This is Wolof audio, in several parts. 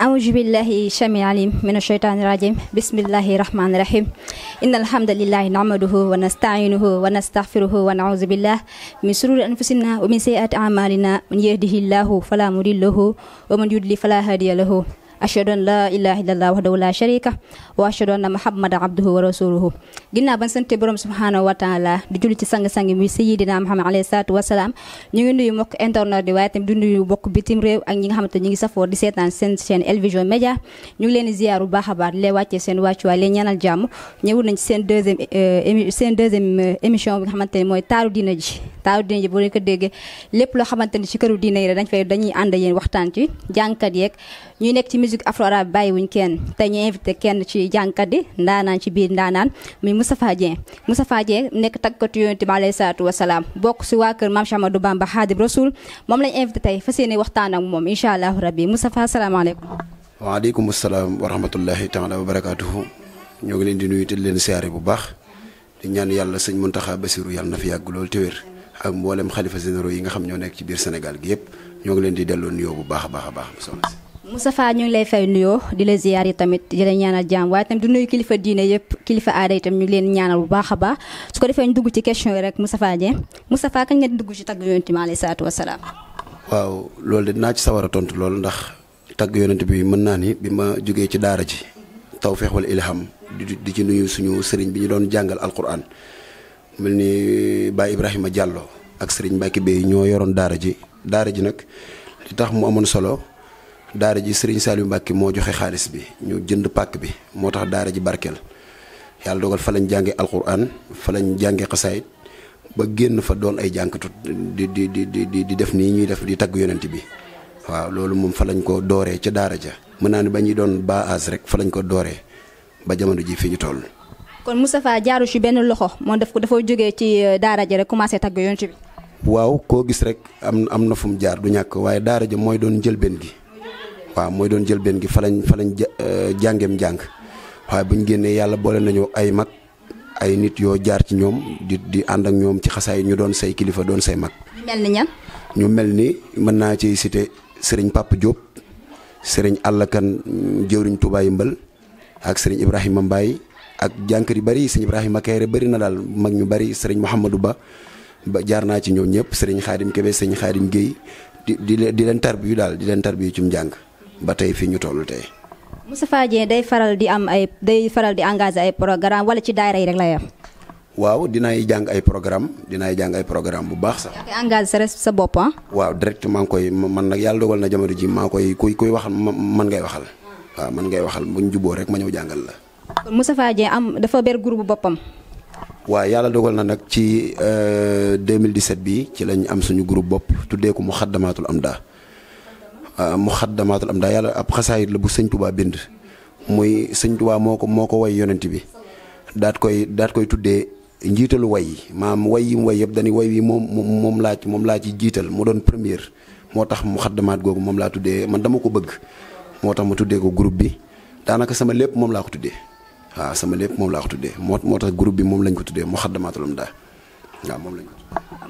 أعوذ بالله السميع العليم من الشيطان الرجيم بسم الله الرحمن الرحيم إن الحمد لله نعمده ونستعينه ونستغفره ونعوذ بالله من شرور أنفسنا ومن سيئات أعمالنا من يهده الله فلا مضل له ومن يضلل فلا هادي له ashhadu an la ilaha illallah wahdahu la sharika wa ashhadu anna muhammadan abduhu wa rasuluhu ginnaaw ban sante borom subhanahu wa taala di julli ci sang-sang bi sayyidina muhammad alayhi salatu wasalaam ñu ngi nuyu mbokk internet di waaye tam di nuyu mbokk bitim réew ak ñi nga xamante ñu ngi safoo di seetaan seen chaîne El Vision Média ñu ngi leen di ziyaar bu baax a baax di leen wàccee seen wàccuwaay leen ñaanal jàmm ñëwul nañ seen deuxième seen deuxième émission bi nga xamante ne mooy taaru diina ji taaru diina ji boo leen ko déggee lépp loo xamante ne ci këru diina yi dañ fay dañuy ànd yéen waxtaan ci jàngkat yeeg ñuy nekk ci musique afro arabe bàyyiwuñ kenn tey ñu invité kenn ci jànkat yi ndaanaan ci biir ndaanaan muy Moustapha Dieng Moustapha nekk tàggatu yonent bi alayhi salaatu wasalaam bokk si waa kër Maam Cheikh Ahmadou Bamba Xaadim Rasul moom lañ invité tey fas yéene waxtaan ak moom incha allahu rabbi Moustapha asalaamaaleykum. waaleykum salaam wa rahmatullahi taala wa barakaatuhu ñoo ngi leen di nuyu te leen siyaare bu baax di ñaan yàlla sëñ Muntaxa Basiru yàlla na fi yàgg lool te wér ak mboolem xalifa généraux yi nga xam ñoo nekk ci biir Sénégal gi yëpp ñoo ngi leen di delloo nuyoo bu baax a baax a baax Moustapha ñu ngi lay fay nuyoo di la ziyaar yi tamit di la ñaanal jàmm waaye tamit du nuyu kilifa diine yëpp kilifa aada yi tam ñu leen ñaanal bu baax a baax su ko defee ñu dugg ci question yi rek Moustapha Dieng Moustapha kañ nga dugg ci tagg yonent bi alayhi salaatu wasalaam waaw loolu de naa ci sawar a tontu loolu ndax tagg yonent bi mën naa ni bi ma jógee ci daara ji tawfeex wala ilham di di ci nuyu suñu sëriñ bi ñu doon jàngal alquran mel ni baa Ibrahima jàlloo ak sëriñ Mbacke Bey ñoo yoroon daara ji daara ji nag li tax mu amoon solo daara ji sëriñ Saliou Mbacke moo joxe xaalis bi ñu jënd pàkk bi moo tax daara ji barkeel yàlla dogal fa lañ jànge alquran fa lañ jànge xasaayit ba génn fa doon ay jànkatu di di di def nii ñuy def di tagg yonent bi waaw loolu moom fa lañ ko dooree ca daara ja mën naa ne ba ñuy doon baas rek fa lañ ko dooree ba jamono ji fi ñu toll. kon Moustapha jaaru ci benn loxo moo def ko dafa jógee ci euh, daara ja rek commencé tàgg yonent bi. waaw koo gis rek am am na fu mu jaar du ñàkk waaye daara ja mooy doon njëlbeen gi. wa moy doon jël ben gi fa lañ fa lañ eh, jàngeem jàng waaye buñ génnee nañu ay mak ay nit yo jaar ci ñom di di nyom ak ñom ci xassay ñu doon say kilifa doon say mak melni ni ñan. ñu melni mën na ci cité serigne Papa Diop serigne Alla Kane Touba Yimbal ak serigne ibrahim Mbaye ak jankari bari serigne ibrahim makere bari na dal mag ñu bari serigne Mouhamadou Ba ba jaar na ci ñoo ñep serigne Khadim kebe serigne Khadim geey di di len tarbiyu dal di len tarbiyu ci jang ba tey fi ñu toll tey. Moustapha Dieng day faral di am ay day faral di engage ay programme wala ci daayira rek la yem. waaw dinaay jàng ay programme dinaay jàng ay programme bu baax sax. yaa ngi engagé sa bopp ah. waaw directement koy man nag yàlla dogal na jamono ji maa koy kuy kuy waxal man ngay waxal. waaw man ngay waxal buñ juboo rek ma ñëw jàngal la. kon Moustapha Dieng am dafa ber group boppam. waaw yàlla dogal na nag ci 2017 euh, bi ci lañ am suñu groupe bopp tuddee ko mu xaddamaatul am daa mu euh, muxaddamaatul am daa yàlla ab xasaayit la bu sëñ Touba bind muy sëñ Touba moo ko moo ko way yonent bi daat koy daat koy tuddee njiitalu way yi maam way yi mu way yëpp dañuy way wi moom moom laa ci moom laa ci jiital mu doon première moo tax mu muxaddamaat googu moom laa tuddee man dama ko bëgg moo tax ma tuddee ko groupe bi daanaka sama lépp moom laa ko tuddee waaw sama lépp moom laa ko tuddee moo moo tax groupe bi moom lañ ko tuddee muxaddamaatul am daa waaw moom lañ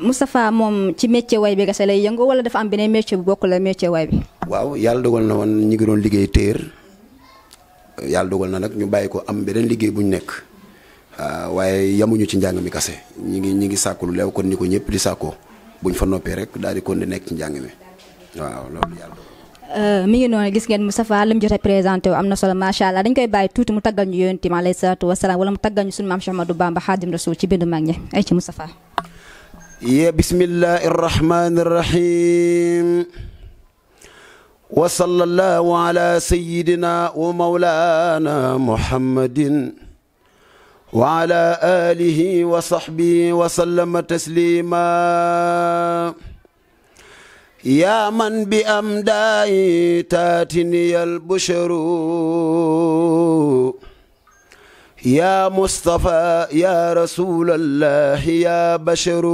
Moustapha moom ci métier way bi kese lay yëngoo wala dafa am beneen métier bu bokk la métier waay bi. waaw yàlla dogal na woon ñi ngi doon liggéey téer yàlla dogal na nag ñu bàyyi ko am beneen liggéey bu ñu nekk ah, waaye yamuñu ci njàng mi kese ñi ngi ñi ngi sàkku lu leew kon ni ko ñëpp di sàkkoo buñ fa noppee rek daal di kon di nekk ci njàng mi waaw Euh, mi ngi noonu gis ngeen Moustapha li mu jotee présenté wu am na solo macha allah dañ koy bàyyi tuuti mu taggal ñu yonent mi alayhi salaatu wasalaam wala mu taggal ñu sunu maam Cheikh Ahmadou Bamba Xaadim Rasul ci bindu mag ñi ay ci Moustapha. ya bismillahi rahmani rahim. wa wa mawlana muhammadin. wa ala wa sahbihi wa sallama taslima يا من بأمداي تاتني البشر يا مصطفى يا رسول الله يا بشر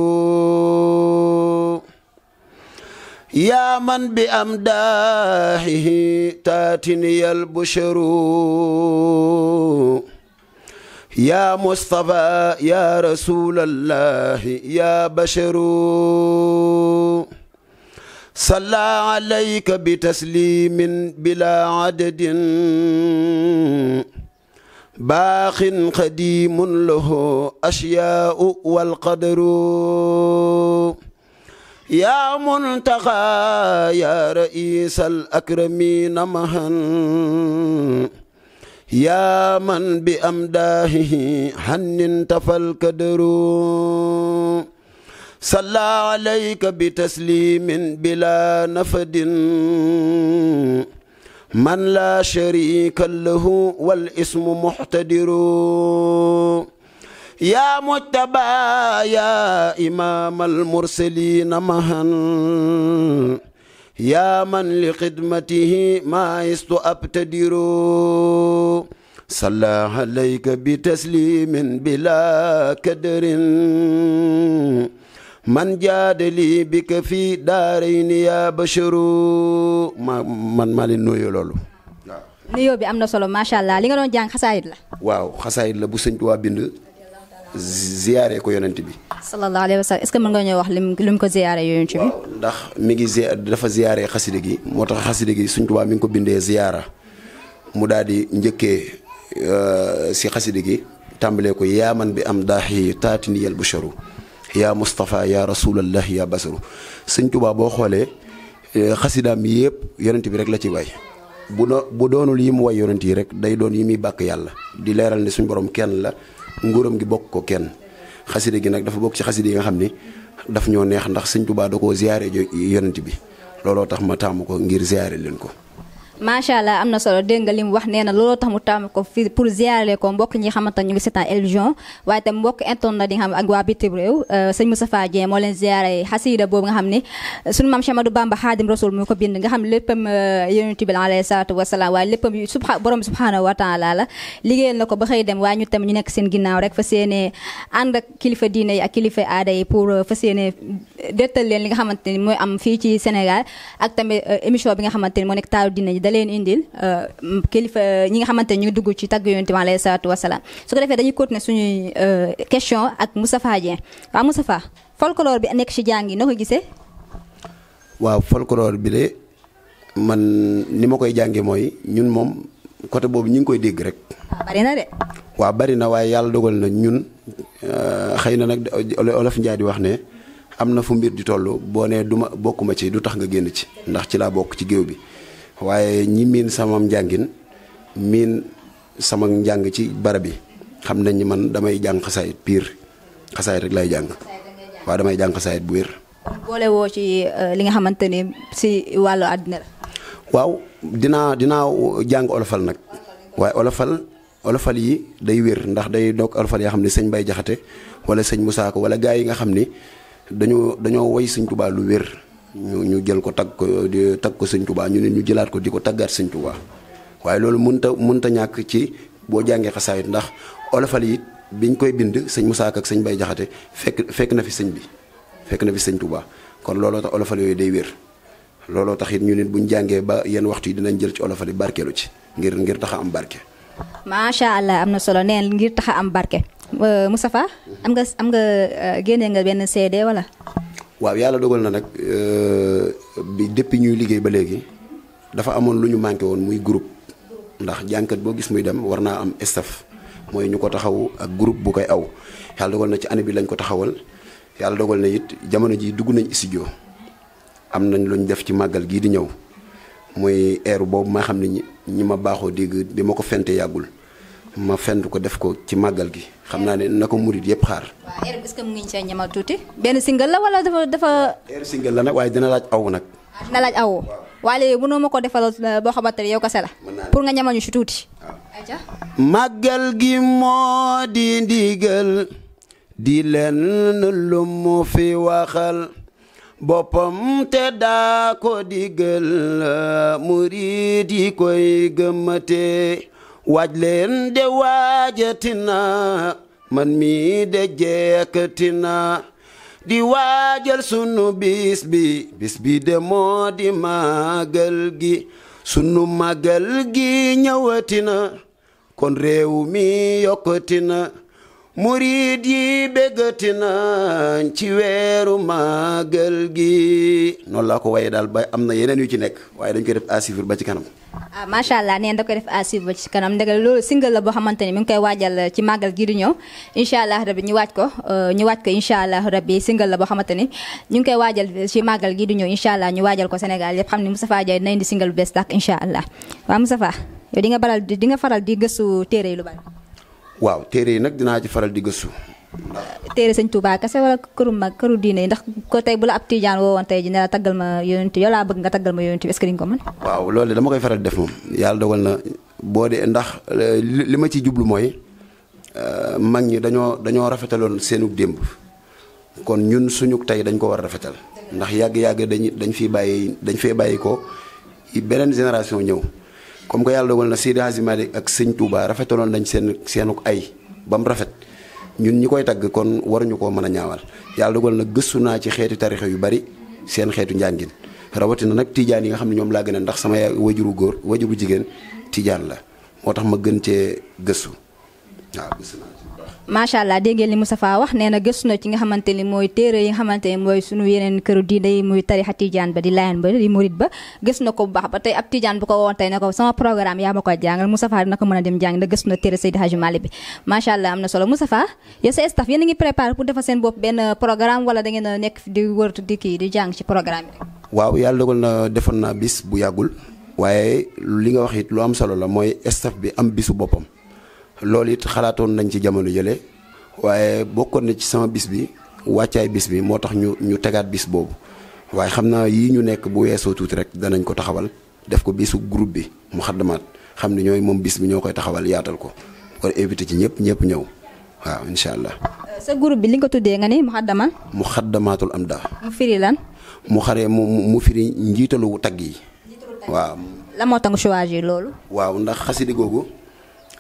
يا من بأمداحه تاتني البشر يا مصطفى يا رسول الله يا بشر صلى عليك بتسليم بلا عدد باخ قديم له أشياء والقدر يا منتقى يا رئيس الأكرمين مهن يا من بأمداهه حن انتفى القدر صلى عليك بتسليم بلا نفد من لا شريك له والاسم محتدر يا متبا يا إمام المرسلين مهن يا من لخدمته ما است أبتدر صلى عليك بتسليم بلا كدر man jaadali bi ka fii daaray ni yaa ba ma man maa leen nooyoo loolu waaw bi am na solo macha allah li nga doon jàng xasaayit la waaw xasaayit la bu sëñ waa bind ziyaare ko yonent bi sallallahu alayhi wa sallam est-ce que mën nga ñoo wax lim lim ko ziyaare yonent bi ndax mi ngi zi dafa ziyaare xasida gi moo tax xasida gi sëñ Tuubaa mi ngi ko bindee ziyaara mu daal di njëkkee euh, si xasida gi tàmbalee ko yaaman bi am daaxi taati niyal basharu yaa Moustapha yaa rasulallah yaa basaru sëñ Tuubaa boo xoolee eh, xasidaam yi yëpp yonent bi rek la ci way bu no bu doonul yi mu way yonent yi rek day doon yi muy bàkk yàlla di leeral ne suñu borom kenn la nguuram gi bokk ko kenn xasida gi nag dafa bokk ci xasida yi nga xam ni daf ñoo neex ndax sëñ tubaa da koo ziyaare jo yonent bi looloo tax ma taamu ko ngir ziyaare leen ko ما شاء الله أمنا صلوا دين قليم وحنينا لولو تهمو تامكو في بور زيارة لكم بوك نجي خمان تاني في ستان الجون وايتم بوك انتون دين هم أقوى بيتي بريو سنمو سفاجي مولين زيارة حسيدة بوب نغهمني سنو مامشا مدو بام بحادم رسول مكو بين نغهم لبم يونتي بل عليه الصلاة والسلام واي لبم برم سبحانه وتعالى لغين لكو بخي دم واي نتم ينك سن جنا ورك فسيني عند كلفة ديني أكلفة آدي بور فسيني دتل لين لغهمان تاني مو أم فيتي سنغال أكتم إمشوا بغهمان تاني مونك تاو ديني da leen indil euh, kilifa ñi nga xamante ñu dugg ci tàgg yonent bi alayhi salaatu wasalaam su ko defee dañuy continuer suñuy euh, question ak Moustapha Dieng waaw Moustapha folklore bi nekk ci jàng yi noo ko gisee. waaw folklore bi de man ni ma koy jàngee mooy ñun moom côté boobu ñu ngi koy dégg rek. Ah, bari waaw bari na waaye yàlla dogal na ñun euh, xëy na nag olof Njaay di wax ne am na fu mbir di toll boo nee du ma bokkuma ci du tax nga génn ci ndax ci laa bokk ci géew bi. waaye ñi miin sama njàngin miin sama njàng ci barab yi xam nañ ni man damay jàng xasaayit pire xasaayit rek lay jàng waaw damay jàng xasaayit bu wér. boole woo ci euh, li nga xamante ni si wàllu àddina waaw dina dinaa jàng olofal nag waaye olofal olofal yi day wér ndax day doog olofal yoo xam ne sëñ Bay Jaxate wala sëñ Musaa Ko wala gaa yi nga xam ni dañoo dañoo woy sëñ Tuubaa lu wér. ñu ñu jël ko tag ko di tag ko señ touba ñu ne ñu jëlaat ko diko tagat señ touba waye lolu munta munta ñak ci bo jangé xassay ndax olofal yi biñ koy bind señ Moussa ak señ Bay Jaxate fek fek na fi señ bi fek na fi señ Touba kon lolu tax olofal yoy day wër lolu tax it ñu nit buñ jangé ba yeen waxtu dinañ jël ci olofal yi barkeelu ci ngir ngir tax am ma sha allah amna solo neen ngir tax am barke euh, Moustapha am nga am nga euh, génnee nga ben CD wala waaw yàlla dogal na nag euh, bi depuis ñuy liggéey ba léegi dafa amoon lu ñu manqué woon muy groupe ndax jànkat boo gis muy dem war naa am staff mooy ñu ko taxaw ak groupe bu koy aw yàlla dogal na ci année bi lañ ko taxawal yàlla dogal na it jamono ji dugg nañ studio am nañ lu ñu def ci màggal gii di ñëw muy eeru boobu ma xam ne ñi ma baaxoo dégg bi ma ko fente yàggul ma fend ko def ko ci màggal gi xam naa ne na ko murit yëpp xaar. waaw air bi ngi cee ñamal tuuti benn single wala dafa dafa. air la nag waaye dina laaj aw nag. Ah, dina laaj awu. waaye léegi ma ko defal euh, boo xamante ne yow kese la. pour nga ñamal ñu si tuuti. màggal gi moo di ndigal di leen lu mu fi waxal. boppam te daa ko digal murit yi koy gëmmate waaj leen de waajatina man mii de jekkatina di waajal sunu bis bi bis bi de moo di màggal gi sunu màggal gi na kon réew mi na murid yi béggati nañ ci weeru màggal gi noonu ko waaye daal ba am na yeneen yu ci nekk waaye dañ koy def à ba ci kanam ah macha allah neen da koy def à suivre ba ci kanam ndega loolu single la boo xamante ni mi ngi koy waajal eh, ci màggal gi di ñëw incha allah rabi ñu waaj ko eh, ñu waaj incha allah rabi single la boo xamante ni ñu ngi koy waajal ci màggal gi di ñëw incha allah ñu waajal ko Sénégal yëpp xam ni Moustapha Diagne na indi single bu bees tàkk incha allah waaw Moustapha yow di nga baral di nga faral di gëstu téere yi lu bari waaw téere yi nag dinaa ci faral di gëstu téere sëñ Touba kese wala këru mag këru diine ndax ko tey bu la ab tijaan woowoon tey ji ne la taggal ma yonent yow laa bëgg nga taggal ma yonent est ce que di ko mën waaw loolu dama koy faral def moom yàlla dogal na boo de ndax li ma ci jublu mooy euh, mag ñi dañoo dañoo rafetaloon seenug démb kon ñun suñu tey dañ ko war a rafetal ndax yàgg-yàgg dañ dañ fiy bàyyi dañ fee bàyyi ko beneen génération ñëw comme que yàlla dogal na Seydi Hadji Malick ak sëñ Touba rafetaloon nañ seen seenuk ay ba mu rafet ñun ñi koy tagg kon waruñu koo mën a ñaawal yàlla dogal na gëstu naa ci xeetu tarixe yu bari seen xeetu njàngin rawatina nag tijaan yi nga xam ne ñoom laa gën a ndax sama wajuru góor wajuru jigéen tiijaan la moo tax ma gën cee gëstu macha allah dégg ngeen li Moustapha wax nee na gëstu na ci nga xamante ni mooy téere yi nga xamante ni mooy sunu yeneen këru diine yi muy ba di layan ba di murit ba gëstu na ko bu baax ba tey ab tijaan bu ko woon tey ne ko sama programme yaa ma ko jàngal Moustapha dina ko mën a dem jàng ndax gëstu na téere Hadji Malick bi am na solo Moustapha yow sa staff yéen a ngi préparé pour defal seen bopp benn programme wala da ngeen nek nekk di wërtu di kii di jàng ci programme bi waaw yàlla dogal na defoon naa bis bu yàggul waaye li nga wax it lu am solo la mooy staff bi am bisu boppam loolu it xalaatoon nañ ci jamono yële waaye bokkoon na ci sama bis bi wàccaay bis bi moo tax ñu ñu tegaat bis boobu waaye xam naa yii ñu nekk bu weesoo tuuti rek danañ ko taxawal def ko bisu group bi mu xaddamaat xam ne ñooy moom bis bi ñoo koy taxawal yaatal ko war éviter ci ñëpp ñëpp ñëw waaw incha allah. sa group bi li nga ko tuddee nga ni mu xaddama. mu xaddamaatul am daa. mu firi lan. mu xaree mu mu firi njiitalu tagg yi. waaw. la moo tax nga choisir loolu. waaw ndax xasidi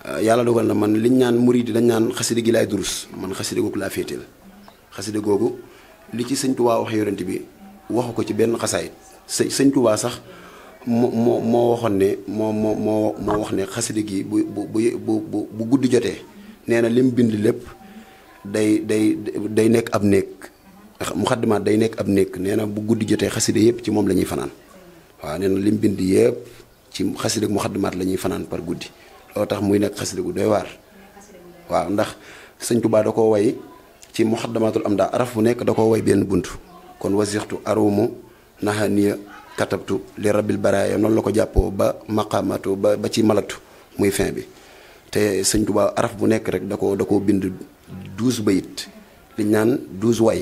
Euh, yàlla dogal na man liñ ñaan murid dañ naan xasida gi laay durus man xasida googu laa féeteel xasida googu li ci sëñ Tuubaa wax yonent bi waxu ko ci benn xasaayit sëñ sëñtuwaa sax moo moo moo waxoon ne moo moo moo wax ne xasida gi bu bu bu bu bu guddi jotee nee na lim bind lépp day day day nekk ab néeg muxaddimaat day nekk ab néeg nee na bu guddi jotee xasida yëpp ci moom la ñuy fanaan waaw nee na lim bind yëpp ci xasida muxaddimaat la ñuy fanaan par guddi loo tax muy nekk xasida gu doy waar waaw ndax sëñ Tuubaa da koo way ci muxaddamatul am daa araf bu nekk da ko way benn bunt kon wasixtu arumu naxa niya katabtu li rabil baraaya noonu la ko jàppoo ba maqamatu ba ba ci malatu muy fin bi te sëñ Tuubaa araf bu nekk rek da ko da koo bind douze bayit liñ naan douze way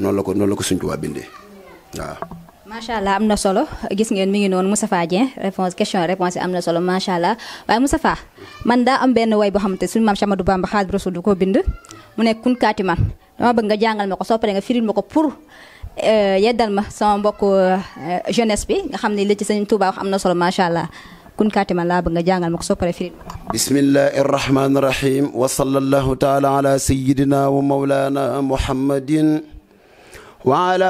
noonu la ko noonu la ko sëñ Tuubaa bindee waaw macha allah am na solo gis ngeen mi ngi noonu Moustapha Dieng réponse question réponse yi am na solo macha allah waaye Moustapha man daa am benn way boo xamante suñu maam Chamadou Bamba Xaadimu Rasuul du ko bind mu nekk kun kaati man dama bëgg nga jàngal ma ko soo paree nga firil ma ko eh, ma sama mbokk eh, jeunesse bi nga xam ne li ci sëñ am na solo macha allah kun kaati laa bëgg nga jàngal ma ko soo paree firil ma ko bismillahi wa sallallahu muhammadin وعلى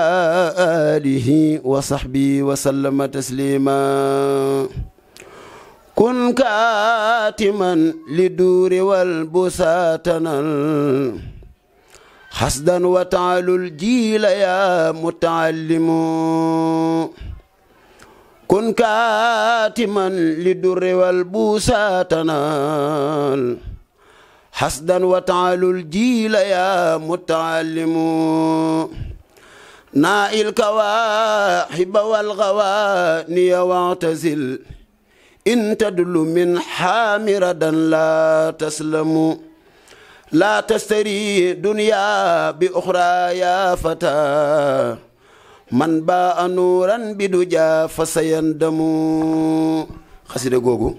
آله وصحبه وسلم تسليما كن كاتما لدور والبساتنا حسدا وتعالوا الجيل يا متعلم كن كاتما لدور والبوساتنا حسدا وتعالوا الجيل يا متعلم نائي الكواحب والغواني واعتزل إن تدل من حامردا لا تسلم لا تستري دنيا بأخرى يا فتى من باء نورا بدجا فسيندم xasida googu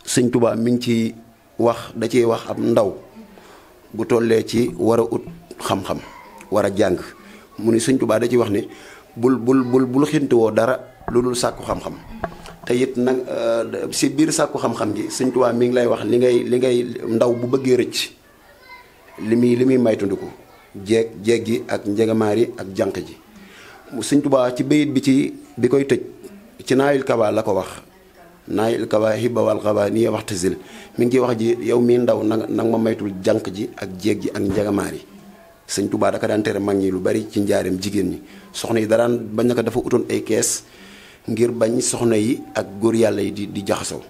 sëñ Tuubaa mi ngi ci wax da ciy wax ab ndaw bu tollee ci war a ut xam-xam war a jàng mu ne sëñ Tuubaa da ci wax ne bul bul bul bul woo dara lu dul sàkku xam-xam te it nag euh, si biir sàkku xam-xam gi sëñ Tuubaa mi ngi lay wax li ngay li ngay ndaw bu bëggee rëcc li muy li muy maytundiku jeeg jeeg gi ak njegamaar yi ak janq ji sëñ Tuubaa ci bayit bi ci bi koy tëj ci naayul kabaa la ko wax naayul kabaa xiba wal kabaa nii waxta zil mi ngi ciy wax ji yow mii ndaw na nga maytul jànq ji ak jeeg ji ak njegamaar yi sëñ Touba daka daan tere mag ñi lu bari ci njaareem jigéen ñi soxna yi daraan bañ naka dafa utoon ay kees ngir bañ soxna yi ak góor yàlla yi di di jaxasoo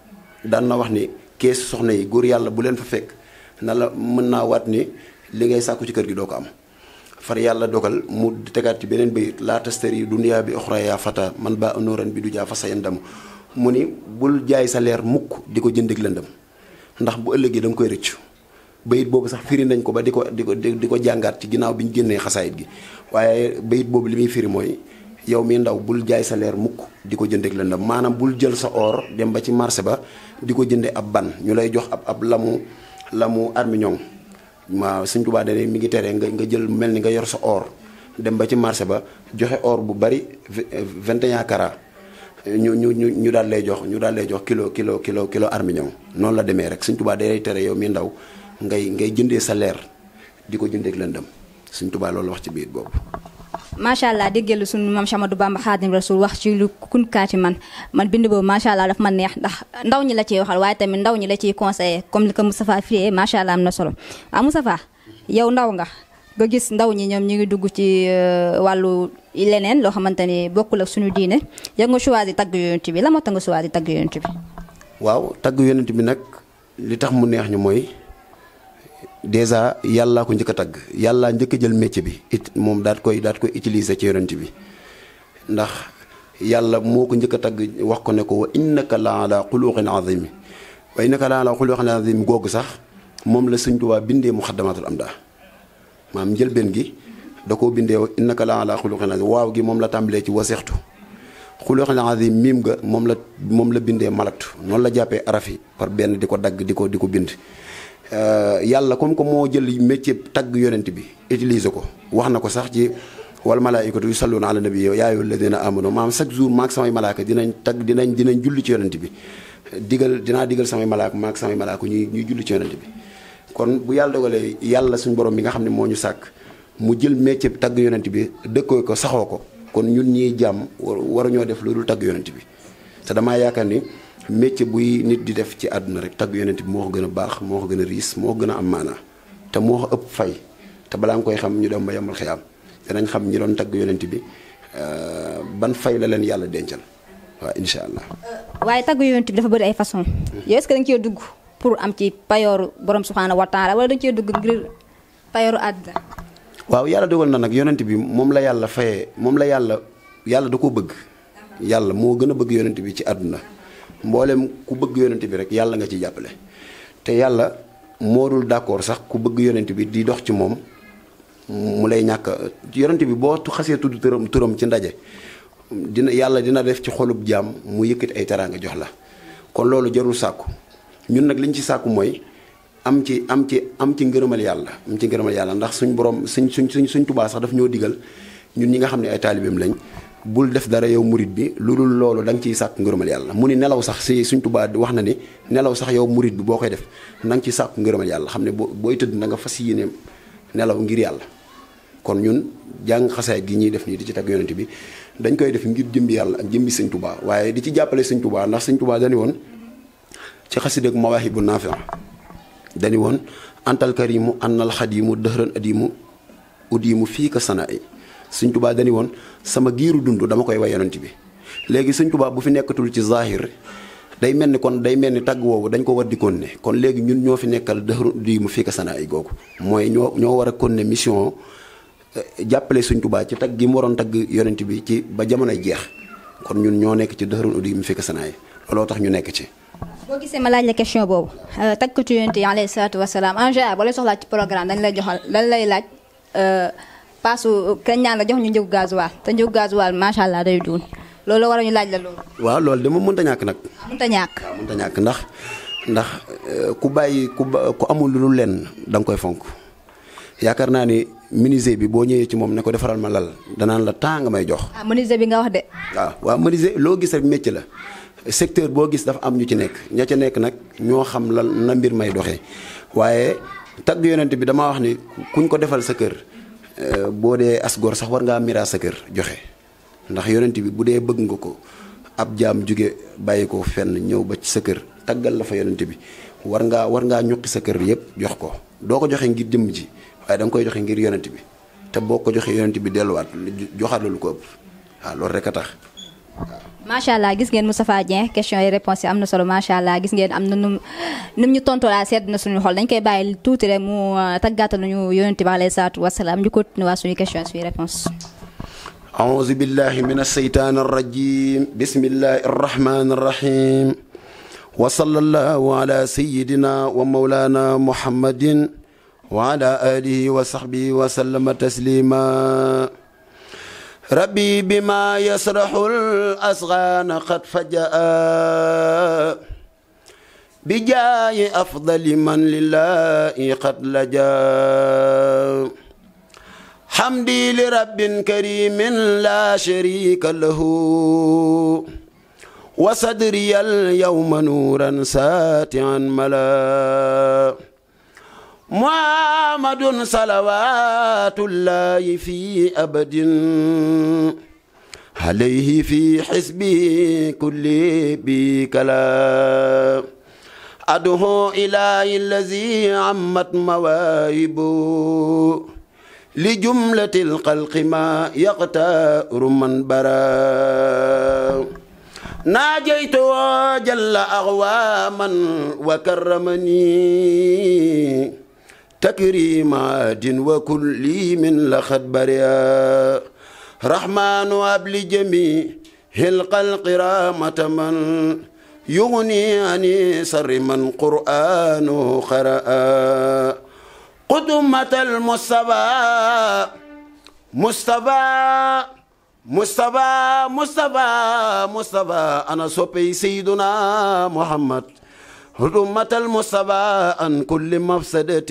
daan na wax ni kees soxna yi góor yàlla bu leen fa fekk na la mën naa waat ni li ngay sàkku ci kër gi doo ko am far yàlla dogal mu tegaat ci beneen bayit laa taster yi dunyaa bi oxra yaa fata man baa anooran bi du jaa fa sa yandam mu ni bul jaay sa leer mukk di ko jëndeeg lëndam ndax bu ëllëgee da koy rëccu bayit boobu sax firi nañ ko ba di ko di ko di ko jàngaat ci ginnaaw bi ñu génnee xasaayit gi waaye bayit boobu li muy firi mooy yow mi ndaw bul jaay sa leer mukk di ko jëndeek lëndam maanaam bul jël sa or dem ba ci marché ba di ko jënde ab ban ñu lay jox ab ab lamu lamu armiñong waaw Sëñ Tuubaa dane mi ngi tere nga nga jël mel ni nga yor sa or dem ba ci marché ba joxe or bu bari 21 carats ñu ñu ñu ñu daal lay jox ñu daal lay jox kilo kilo kilo kilo armiñong noonu la demee rek Sëñ Tuubaa day tere yow mi ndaw ngay ngay jëndee sa leer di ko la lëndëm suñ tubaa loolu wax ci biir boobu macha allah déggeelu suñu maam Chamadou Bamba Xaadim Rasul wax ci lu kunkaati man man bind boobu macha allah daf ma neex ndax ndaw ñi la ciy waxal waaye tamit ndaw ñi la ciy conseillé comme li ko Moustapha Fiyee macha allah am na solo ah Moustapha yow ndaw nga nga gis ndaw ñi ñoom ñu ngi dugg ci euh, wàllu leneen loo xamante ni bokkul ak suñu diine yow nga choisir tagg yonent bi la moo tax nga choisir tagg yonent bi. waaw tagg yonent bi tax mu neex ñu mooy dèjà yàllaa ko njëkk a tagg yàllaa njëkk jël métier bi it moom daat koy daat koy utiliser ci yonent bi ndax yàlla moo ko njëkk a tagg wax ko ne ko wa innaka la ala xuluqin azim wa innaka la ala xuluqin azim googu sax moom la Sëñ Tuubaa bindee muxaddamatul amda maam njëlbeen gi da koo bindee innaka la ala xuluqin azim waaw gi moom la tàmbalee ci wasextu xuluqin azim miim ga moom la moom la bindee malaktu noonu la jàppee araf par benn di ko dagg di ko di ko bind Euh, yàlla comme que moo jël métier tagg yonent bi utiliser ko wax na ko sax ci wal malaayikatu yusalluuna ala nabi yow yaa ayyuhallaziina aamanu maam chaque jour maak samay malaaka dinañ tag dinañ dinañ julli ci yonent bi digal dinaa digal samay malaaka maak samay malaaka ñuy ñuy julli ci yonent bi kon bu yàlla dogalee yàlla suñu borom bi nga xam ne moo ñu sàkk mu jël métier tagg yonent bi dëkkoo ko saxoo ko kon ñun ñiy jàmm war ñoo def loolu tagg yonent bi te métier buy nit di def ci aduna rek tag yonent bi moo ko gën a baax moo ko gën a riis moo gën a am maanaa te moo ko ëpp fay te balaa nga koy xam ñu dem ba yemal xiyam danañ xam ñi doon tag yonent bi euh, ban fay la leen yàlla dencal waaw insha allah euh, waaye tagg yonent bi dafa bëri ay façon yow est ce que dañ nga cee dugg pour am ci payooru borom subhanahu wa taala wala dañ cee dugg ngir payooru àdduna waaw yàlla dogal na nag yonent bi moom la yàlla fayee moom la yàlla yàlla da ko bëgg yàlla moo gën a bëgg yonent bi ci àdduna mboolem ku bëgg yonent bi rek yàlla nga ci jàppale te yàlla moo dul d'accord sax ku bëgg yonent bi di dox ci moom mu lay ñàkk yonent bi boo xasee tudd turam turam ci ndaje dina yàlla dina def ci xolub jaam mu yëkkati ay teraanga jox la kon loolu jarul sàkku ñun nag liñ ci sàkku mooy am ci am ci am ci ngërëmal yàlla am ci ngërëmal yàlla ndax suñ borom suñ suñ suñ suñ tubaa sax daf ñoo digal ñun ñi nga xam ne ay taalibeem lañ bul def dara yow murit bi lu dul loolu da nga ciy sàkk ngërëmal yàlla mu ni nelaw sax si suñ tubaa wax na ni nelaw sax yow murit bi boo koy def nanga ci ciy sàkk ngërëmal yàlla xam ne booy tëdd na nga fas yéene nelaw ngir yàlla kon ñun jàng xasaay gi ñuy def nii di ci tag yonent bi dañ koy def ngir jëmbi yàlla ak jëmbi sëñ tubaa waaye di ci jàppale sëñ tubaa ndax sëñ tubaa dañu woon ci xasidak mawaahibu naafi dañu woon antal karimu annal xadimu dëhran adimu udimu fii ka sanaa sëñ tubaa dañu woon sama giiru dund dama koy way yonent bi léegi sëñ tubaa bu fi nekkatul ci zahir day mel ni kon day mel ni tàgg woowu dañ ko war di ne kon léegi ñun ñoo fi nekkal dëxru di mu fii ka sana ay googu mooy ñoo ñoo war a konne mission eh, jàppale sëñ tubaa ci tagg gi mu waroon tagg yonent bi ci ba jamono jeex kon ñun ñoo nekk ci dëxru di mu fii ka sana yi looloo tax ñu nekk ci boo gisee ma laaj la question boobu euh, takkatu yonent yi alayhi salaatu wasalaam en général boo lay ci programme dañ lay joxal dañ lay laaj euh, paasu kañ ñaan la jox ñu njëgu gasoil te njëgu gasoil macha allah day duun loolu war a ñu laaj la loolu. waaw loolu de moom mënut a ñàkk nag. mënut a ñàkk waaw mënut a ndax ndax eh, ku bàyyi ku ba ku amul lu leen da koy fonk yaakaar naa ni menuisier bi boo ñëwee ci moom ne ko defaral ma lal danaan la temps nga may jox. ah bi nga wax de. waaw waaw menuisier loo gis rek métier la secteur boo gis dafa am ñu ci nekk ña ca nekk nag ñoo xam lan na mbir may doxe waaye tagg yonent bi damaa wax ni kuñ ko defal sa kër. Euh, boo dee asgor sax war ngaa miraas sa kër joxe ndax yonent bi bu dee bëgg nga ko ab jaam jóge bàyyi ko fenn ñëw ba ci sa kër taggal la fa yonent bi war ngaa war ngaa ñuqi sa kër yëpp jox ko doo ko joxe ngir jëmm ji waaye da nga koy joxe ngir yonent bi te boo ko joxee yonent bi delluwaat joxaat la lu ko ëpp waaw loolu rek a tax macha allah gis ngeen Moustapha Dieng question yi réponse yi am na solo macha allah gis ngeen am na nu nu ñu tontu laa sedd na suñu xol dañ koy bàyyi tuuti rek mu tàggatal nañu yonente bi alayhi salaatu wasalaam ñu continuer waa suñu question suñu réponse أعوذ بالله من الشيطان الرجيم بسم الله الرحمن الرحيم وصلى الله على سيدنا ومولانا محمد وعلى آله وصحبه وسلم تسليما ربي بما يسرح الأصغان قد فجأ بجاه أفضل من لله قد لجأ حمدي لرب كريم لا شريك له وصدري اليوم نورا ساتعا ملا محمد صلوات الله في أبد عليه في حسبه كل بكلام أدعو إلهي الذي عمت مواهبه لجملة الخلق ما يقتار من برا ناجيت جل أغواما وكرمني تكريما وكل من لخد بريا رحمن وابل جميع هلق القرامة من يغني عن سر من قرآنه قرأ قدمة المصطفى مصطفى مصطفى مصطفى مصطفى أنا صبي سيدنا محمد قدمة المصطفى عن كل مفسدة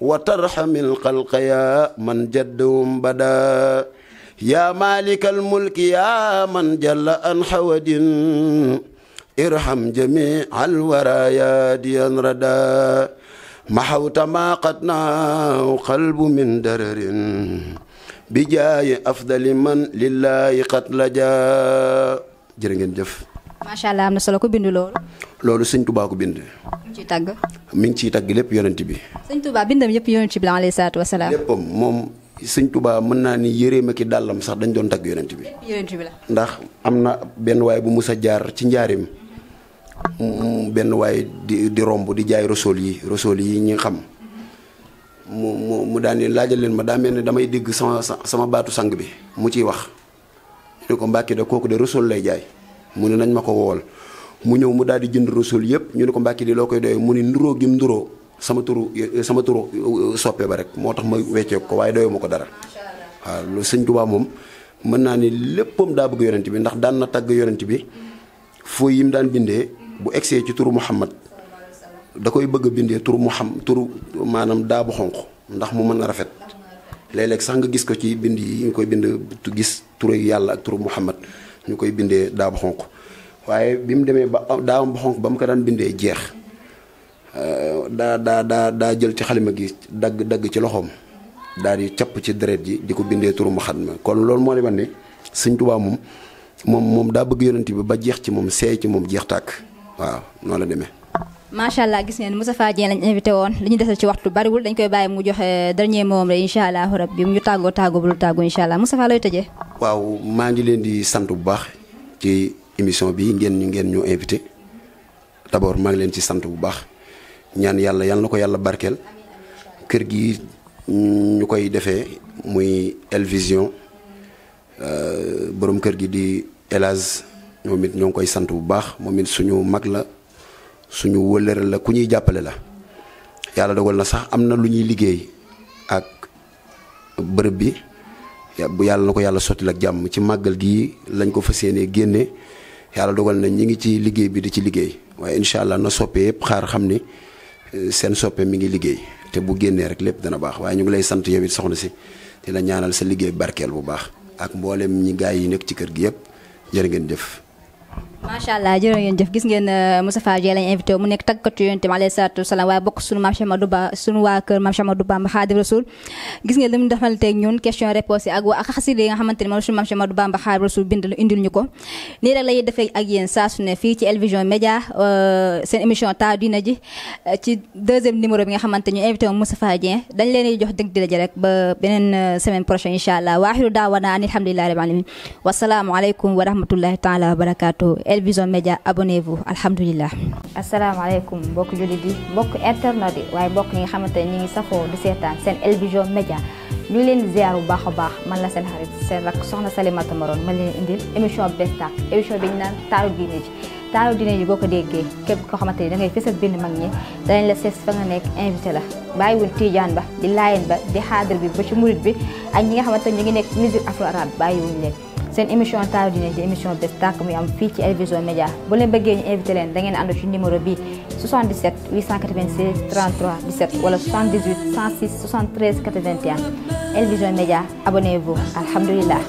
وترحم الخلق يا من جدهم بدا يا مالك الملك يا من جل عن حود ارحم جميع الورايا ديا ردا محوت ما قد قلب من درر بجاي أفضل من لله قد لجا جرنجن جف macha allah am solo ko bind loolu loolu sëñ tubaa ko ci tag min ci tag lepp yonenti bi seigne touba bindam yep yonenti bi alayhi salatu wassalam leppam mom sëñ tubaab mën naa ni yëreem ak i dàllam sax dañ doon dagg yonent bi. yonent bi ndax am na benn waay bu mus a jaar ci njaarim benn waay di di romb di jaay rosool yi rosool yi ñi xam mu mu mu daan laajal leen ma daa mel ne damay dégg sama sama baatu sang bi mu ciy wax. ñu ko Mbàkke de kooku de rosool lay jaay mu ne nañ ma ko wool mu ñëw mu daal di jënd rosool yëpp ñu ne ko Mbàkke di loo koy doyee mu ne nduróo gi nduroo sama turu sama turu euh, soppe ba rek moo tax ma wecceeku ko waaye doyoo ma ko dara waaw lu sëñ Tuubaa moom mën naa ni léppam daa bëgg yonent bi ndax daan na tàgg yonent bi foo yi mu daan bindee bu egsee ci turu Muhammad da koy bëgg a bindee turu Muhammad turu maanaam daa bu xonq ndax mu mën a rafet léeg-léeg sax nga gis ko ci bind yi ñu koy bind gis turu yàlla ak turu Muhammad ñu koy bindee daa bu xonq waaye bi mu demee ba daawam bu xonq ba mu ko daan bindee jeex Euh, daa daa daa daa jël ci xalima gi dagg dagg ci loxoom daal di capp ci deret ji di ko bindee turu Muxaddam kon loolu moo demal ne Sëñ Tuubaa moom moom moom daa bëgg yonent bi ba jeex ci moom seey ci moom jeex tàkk waaw noonu la demee. macha allah gis neen Moustapha Dieng lañ invité woon li ñu desal ci waxtu bariwul dañ koy bàyyi mu joxe dernier moom rek incha allah rabbi mu ñu tàggoo tàggoo bu lu tàggoo incha allah Moustapha looy tëjee. waaw maa ngi leen di sant bu baax ci émission bi ngeen ñu ngeen ñu invité d'abord maa ngi leen ci sant bu baax. ñaan yàlla yàlla na ko yàlla barkeel kër gi ñu koy defee muy El Vision euh, borom kër gi di El Hadj moom it ñoo koy sant bu baax moom it suñu mag la suñu wëllëre la ku ñuy jàppale la yàlla dogal na sax am na lu ñuy liggéey ak bërëb bi bu yàlla na ko yàlla sotti ak jàmm ci màggal gi lañ ko fa yéenee génne yàlla dogal na ñi ngi ci liggéey bi di ci liggéey waaye incha allah na soppee yëpp xaar xam ni seen soppee mi ngi liggéey te bu génnee rek lépp dana baax waaye ñu ngi lay sant yow it soxna si di la ñaanal sa liggéey barkeel bu baax ak mboolem ñi gaay yi nekk ci kër gi yëpp jërë ngeen jëf. macha allah jërë ngeen jëf gis ngeen euh, Moustapha Dieye lañ invité mu nekk tàggatu yonent bi alayhi salaatu wasalaam Ba sunu waa kër maam Cheikh Amadou Bamba Xaadim Rasul gis ngeen bi nga xamante ñu invité moom Moustapha Dieye dañ leen di jox dëgg di laje rek ba beneen euh, semaine prochaine incha allah waaxiru daawana an alhamdulillahi rabbil alamin wasalaamu aleykum wa taala wa Elvision Média abonnez-vous alhamdulilah. asalaamaaleykum mbokk jullit yi mbokk internet yi waaye mbokk ñi nga xamante ne ngi safo di seetaan sen Elvision Média ñu leen ziaru ziar bu baax man la sen xarit sen rak soxna Salimata Maron man leen indil émission bu bees tàq émission bi ñu naan taru dine ji taaru diine ji boo ko déggee képp koo xamante ni da ngay fës ak benn mag ñi da leen la sees fa nga nek invité la bàyyiwul tidian ba di layen ba di hadir bi ba ci mourid bi ak ñi nga xamante ñi ngi nek musique afro arabe bàyyiwuñ nek C'est une émission taaru diine di émission de tàkk muy am fi ci Elvision Media Médias bu vous ñu invité vous da ngeen ànd ci numéro bi 77 896 33 17 wala 78 106 73 81 Elvision Media, abonnez-vous Alhamdulillah